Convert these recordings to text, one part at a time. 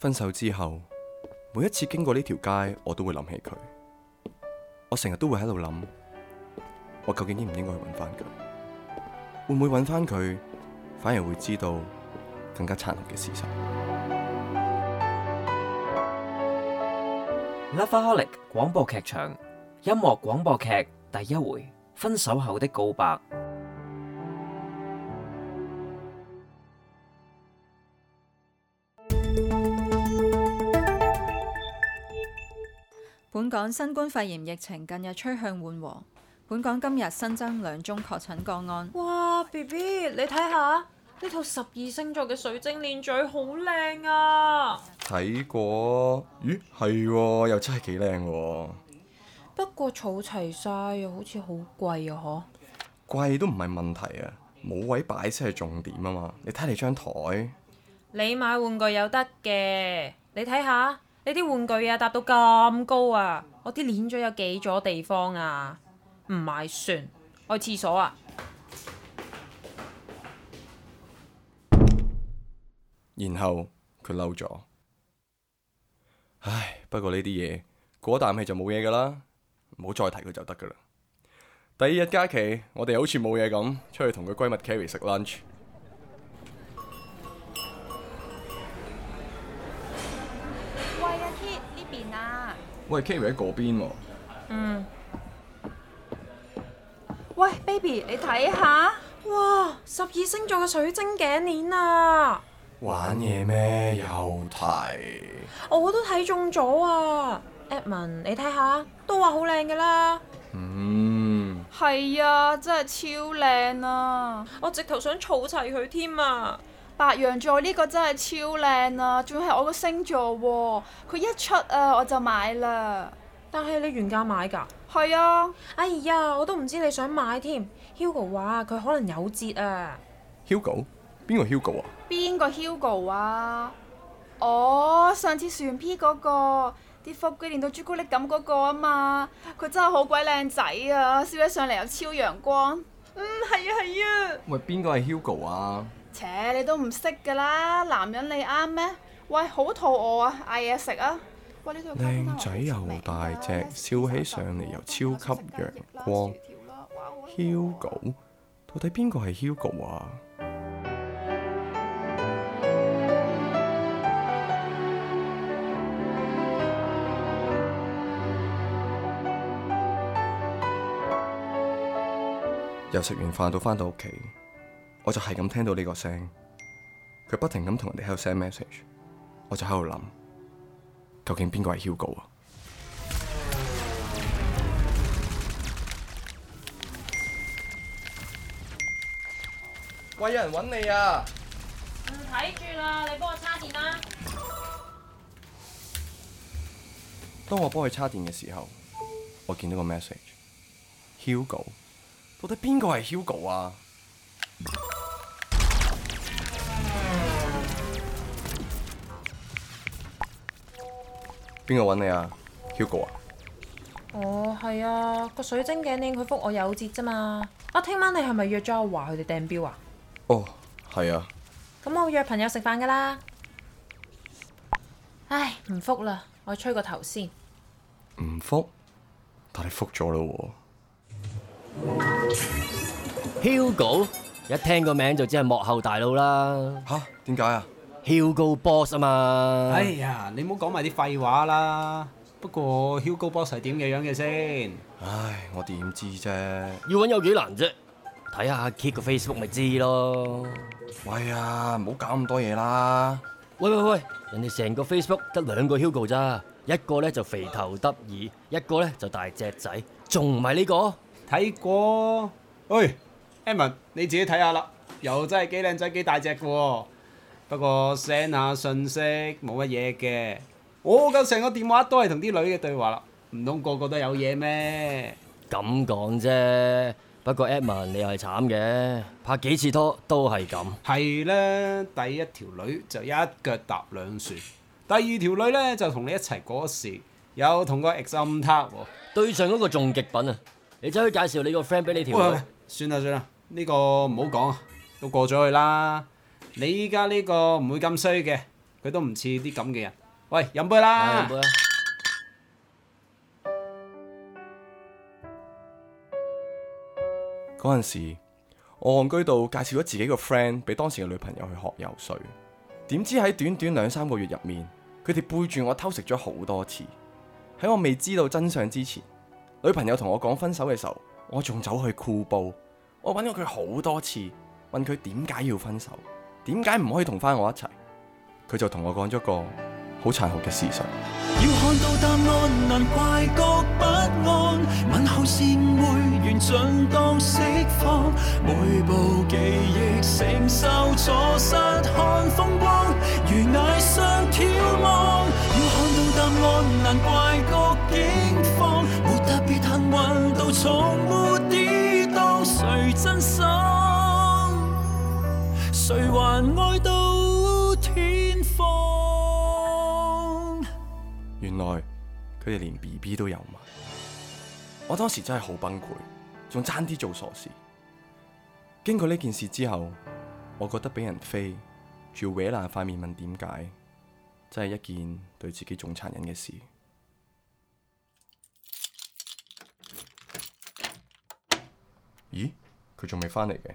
分手之後，每一次經過呢條街，我都會諗起佢。我成日都會喺度諗，我究竟應唔應該去揾翻佢？會唔會揾翻佢，反而會知道更加殘酷嘅事實？Loveaholic 廣播劇場音樂廣播劇第一回：分手後的告白。本港新冠肺炎疫情近日趨向緩和，本港今日新增兩宗確診個案。哇，BB，你睇下呢套十二星座嘅水晶鏈嘴好靚啊！睇過。咦，係又真係幾靚喎。不過儲齊晒又好似好貴啊，吓！貴都唔係問題啊，冇位擺先係重點啊嘛。你睇你張台。你買玩具有得嘅，你睇下。你啲玩具啊，搭到咁高啊！我啲鏈咗有幾咗地方啊？唔算，我去廁所啊！然後佢嬲咗，唉，不過呢啲嘢過一啖氣就冇嘢噶啦，唔好再提佢就得噶啦。第二日假期，我哋好似冇嘢咁，出去同佢閨蜜 carry 食 lunch。喂，Kerry 喺嗰邊喎。邊？嗯。喂，Baby，你睇下，哇，十二星座嘅水晶頸鏈啊！玩嘢咩？又睇？我都睇中咗啊，Edmond，你睇下，都話好靚㗎啦。嗯。係啊，真係超靚啊！我直頭想儲齊佢添啊！白羊座呢個真係超靚啊！仲係我個星座喎、啊，佢一出啊我就買啦。但係你原價買㗎？係啊。哎呀，我都唔知你想買添。Hugo 話佢可能有折啊。Hugo 邊個 Hugo 啊？邊個 Hugo 啊？哦、oh,，上次船 P 嗰、那個，啲腹肌練到朱古力咁嗰個啊嘛，佢真係好鬼靚仔啊，笑起上嚟又超陽光。嗯，係啊係啊。喂邊個係 Hugo 啊？且你都唔識噶啦，男人你啱咩？喂，好肚餓啊，嗌嘢食啊！靚仔又大隻，笑起上嚟又超級陽光。Hugo、啊、到底邊個係 Hugo 啊？ 又食完飯都返到屋企。我就係咁聽到呢個聲，佢不停咁同人哋喺度 send message，我就喺度諗，究竟邊個係 Hugo 啊？喂，有人揾你啊！唔睇住啦，你幫我叉電啦。當我幫佢叉電嘅時候，我見到個 message，Hugo，到底邊個係 Hugo 啊？邊個揾你啊？Hugo 啊？哦，係啊，個水晶頸鏈佢覆我有折啫嘛。是是我啊，聽晚你係咪約咗阿華佢哋訂表啊？哦，係啊。咁我約朋友食飯噶啦。唉，唔覆啦，我吹個頭先。唔覆？但係覆咗啦喎。Hugo，一聽個名就知係幕後大佬啦。吓？點解啊？Hugo Boss 啊嘛！哎呀，你唔好講埋啲廢話啦。不過 Hugo Boss 係點嘅樣嘅先？唉，我點知啫？要揾有幾難啫？睇下 Kit 個 Facebook 咪知咯。喂啊，唔好搞咁多嘢啦！喂喂喂，人哋成個 Facebook 得兩個 Hugo 咋？一個咧就肥頭耷耳，一個咧就大隻仔，仲唔係呢個？睇過。喂，Evan，你自己睇下啦，又真係幾靚仔，幾大隻嘅。不過 send 下信息冇乜嘢嘅，我嘅成個電話都係同啲女嘅對話啦，唔通個個都有嘢咩？咁講啫。不過 Edwin 你又係慘嘅，拍幾次拖都係咁。係啦，第一條女就一腳踏兩船，第二條女咧就同你一齊嗰時有同個 ex 暗塔喎、喔，對上嗰個仲極品啊！你走去介紹你個 friend 俾你條女。呃、算啦算啦，呢、呢個唔好講，都過咗去啦。你依家呢個唔會咁衰嘅，佢都唔似啲咁嘅人。喂，飲杯啦！嗰陣時，我戇居度介紹咗自己個 friend 俾當時嘅女朋友去學游水，點知喺短短兩三個月入面，佢哋背住我偷食咗好多次。喺我未知道真相之前，女朋友同我講分手嘅時候，我仲走去箍煲。我揾咗佢好多次，問佢點解要分手。點解唔可以同返我一齊？佢就同我講咗個好殘酷嘅事實。要看到答案，難怪覺不安；吻後先會完盡當釋放，每步記憶承受錯失看風光，如懸崖上眺望。要看到答案，難怪覺驚慌；沒特別幸運，到從沒跌倒，誰真心？誰還愛到天方？原來佢哋連 BB 都有埋，我當時真係好崩潰，仲爭啲做傻事。經過呢件事之後，我覺得俾人飛，仲要搲爛塊面問點解，真係一件對自己仲殘忍嘅事。咦？佢仲未翻嚟嘅？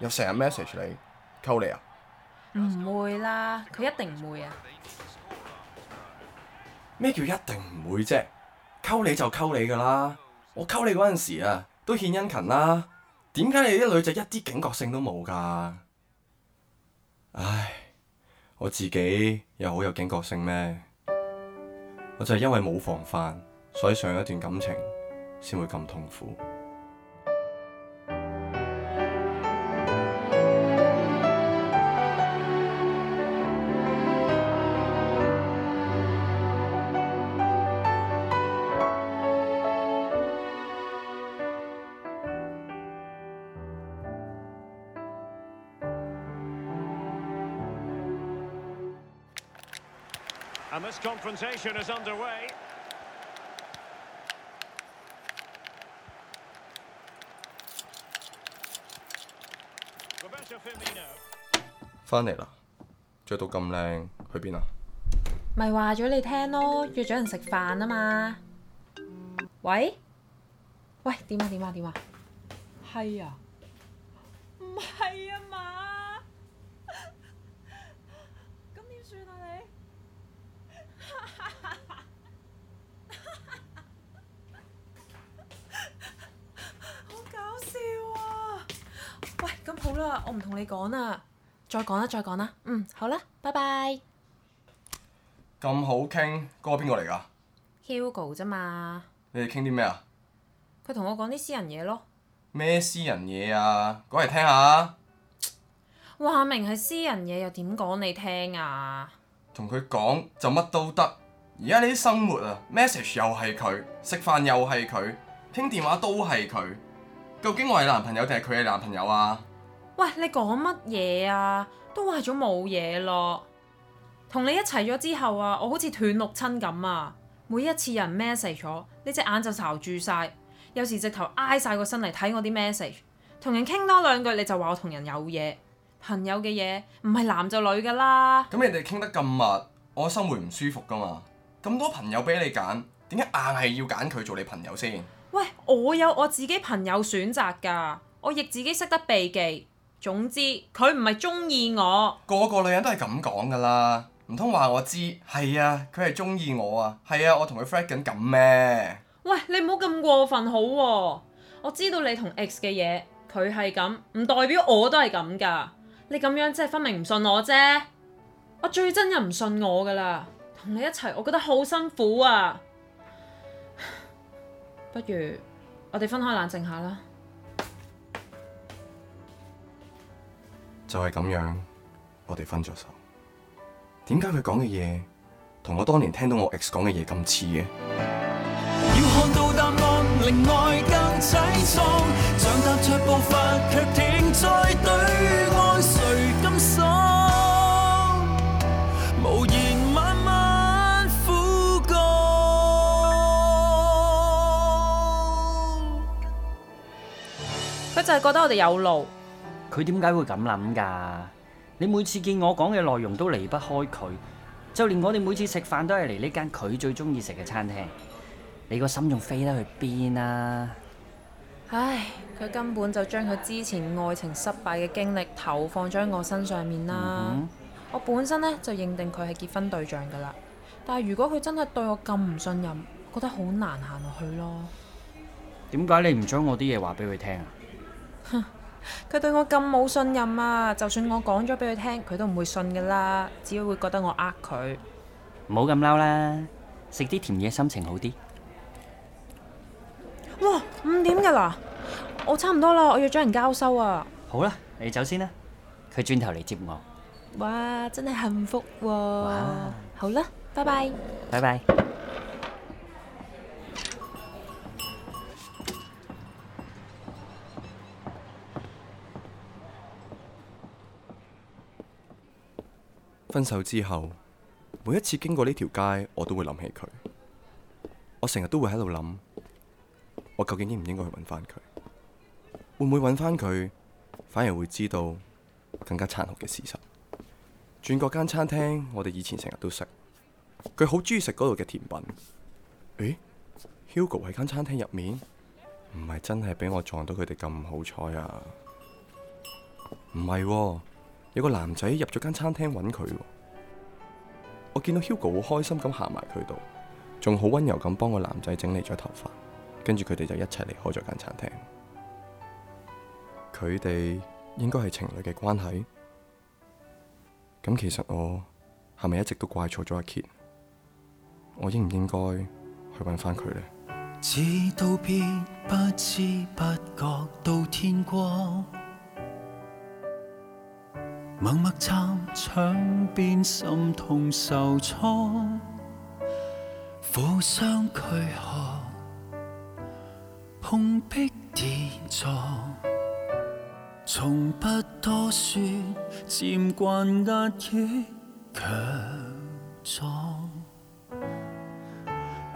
又成日 message 你，溝你啊？唔會啦，佢一定唔會啊！咩叫一定唔會啫？溝你就溝你噶啦，我溝你嗰陣時啊，都獻殷勤啦。點解你哋啲女仔一啲警覺性都冇㗎？唉，我自己又好有警覺性咩？我就係因為冇防範，所以上一段感情先會咁痛苦。翻嚟啦，著到咁靚，去邊啊？咪話咗你聽咯，約咗人食飯啊嘛。喂，喂，點啊點啊點啊？係啊，唔係啊嘛。我唔同你講啦，再講啦，再講啦，嗯，好啦，拜拜。咁好傾，嗰個係邊個嚟噶？Hugo 啫嘛。你哋傾啲咩啊？佢同我講啲私人嘢咯。咩私人嘢啊？講嚟聽下。話明係私人嘢，又點講你聽啊？同佢講就乜都得。而家呢啲生活啊，message 又係佢，食飯又係佢，傾電話都係佢。究竟我係男朋友定係佢係男朋友啊？喂，你講乜嘢啊？都話咗冇嘢咯。同你一齊咗之後啊，我好似斷六親咁啊。每一次有人 message 咗，你隻眼就睄住晒。有時直頭挨晒個身嚟睇我啲 message。同人傾多兩句，你就話我同人有嘢。朋友嘅嘢唔係男就女噶啦。咁你哋傾得咁密，我生活唔舒服噶嘛？咁多朋友俾你揀，點解硬係要揀佢做你朋友先？喂，我有我自己朋友選擇噶，我亦自己識得避忌。總之佢唔係中意我，個個女人都係咁講噶啦，唔通話我知？係啊，佢係中意我啊，係啊，我同佢 friend 緊咁咩？喂，你唔好咁過分好啊？我知道你同 ex 嘅嘢，佢係咁，唔代表我都係咁噶。你咁樣即係分明唔信我啫。我最憎人唔信我噶啦，同你一齊我覺得好辛苦啊。不如我哋分開冷靜下啦。就係咁樣，我哋分咗手。點解佢講嘅嘢，同我當年聽到我 x 講嘅嘢咁似嘅？要看到答案，令愛更淒愴，掌握著步伐卻停在對岸，誰甘心？無言慢慢枯乾。佢 就係覺得我哋有路。佢點解會咁諗噶？你每次見我講嘅內容都離不開佢，就連我哋每次食飯都係嚟呢間佢最中意食嘅餐廳。你個心仲飛得去邊啊？唉，佢根本就將佢之前愛情失敗嘅經歷投放咗喺我身上面啦。嗯哼。我本身咧就認定佢係結婚對象噶啦。但係如果佢真係對我咁唔信任，覺得好難行落去咯。點解你唔將我啲嘢話俾佢聽啊？哼佢對我咁冇信任啊！就算我講咗俾佢聽，佢都唔會信噶啦，只會覺得我呃佢。唔好咁嬲啦，食啲甜嘢心情好啲。哇，五點噶啦，我差唔多啦，我約咗人交收啊。好啦，你走先啦，佢轉頭嚟接我。哇，真係幸福喎！好啦，拜拜。拜拜。分手之後，每一次經過呢條街，我都會諗起佢。我成日都會喺度諗，我究竟應唔應該去揾翻佢？會唔會揾翻佢，反而會知道更加殘酷嘅事實？轉過間餐廳，我哋以前成日都食，佢好中意食嗰度嘅甜品。誒、欸、Hugo 喺間餐廳入面，唔係真係俾我撞到佢哋咁好彩啊？唔係、啊。有個男仔入咗間餐廳揾佢，哦，我見到 Hugo 好開心咁行埋佢度，仲好溫柔咁幫個男仔整理咗頭髮，跟住佢哋就一齊離開咗間餐廳。佢哋應該係情侶嘅關係，咁其實我係咪一直都怪錯咗阿 Kit？我應唔應該去揾翻佢呢？直到別，不知不覺到天光。默默站牆邊，心痛受創，苦相軀殼，碰壁跌撞，從不多說，漸慣壓抑強壯，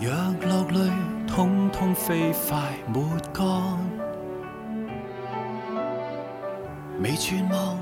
若落淚，通通飛快抹乾，未絕望。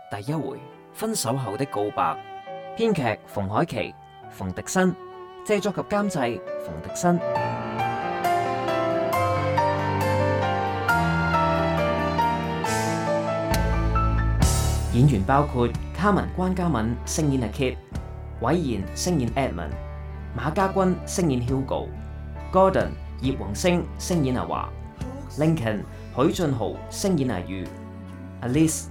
第一回分手後的告白，編劇馮海琪、馮迪新，製作及監製馮迪新。演員包括：卡文關嘉敏飾演阿 Kit，韋言飾演 Edmond，馬家軍飾演 Hugo，Gordon 葉宏星飾演阿華，Lincoln 許俊豪飾演阿宇，Alice。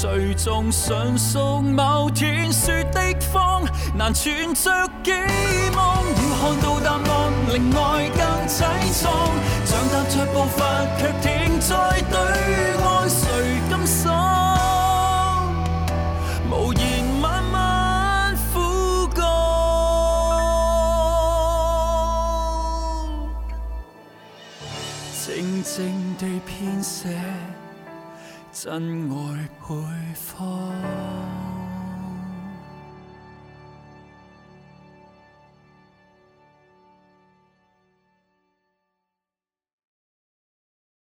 最終上訴，某天說的謊難存着寄望。要看到答案，令愛更淒愴，像踏着步伐。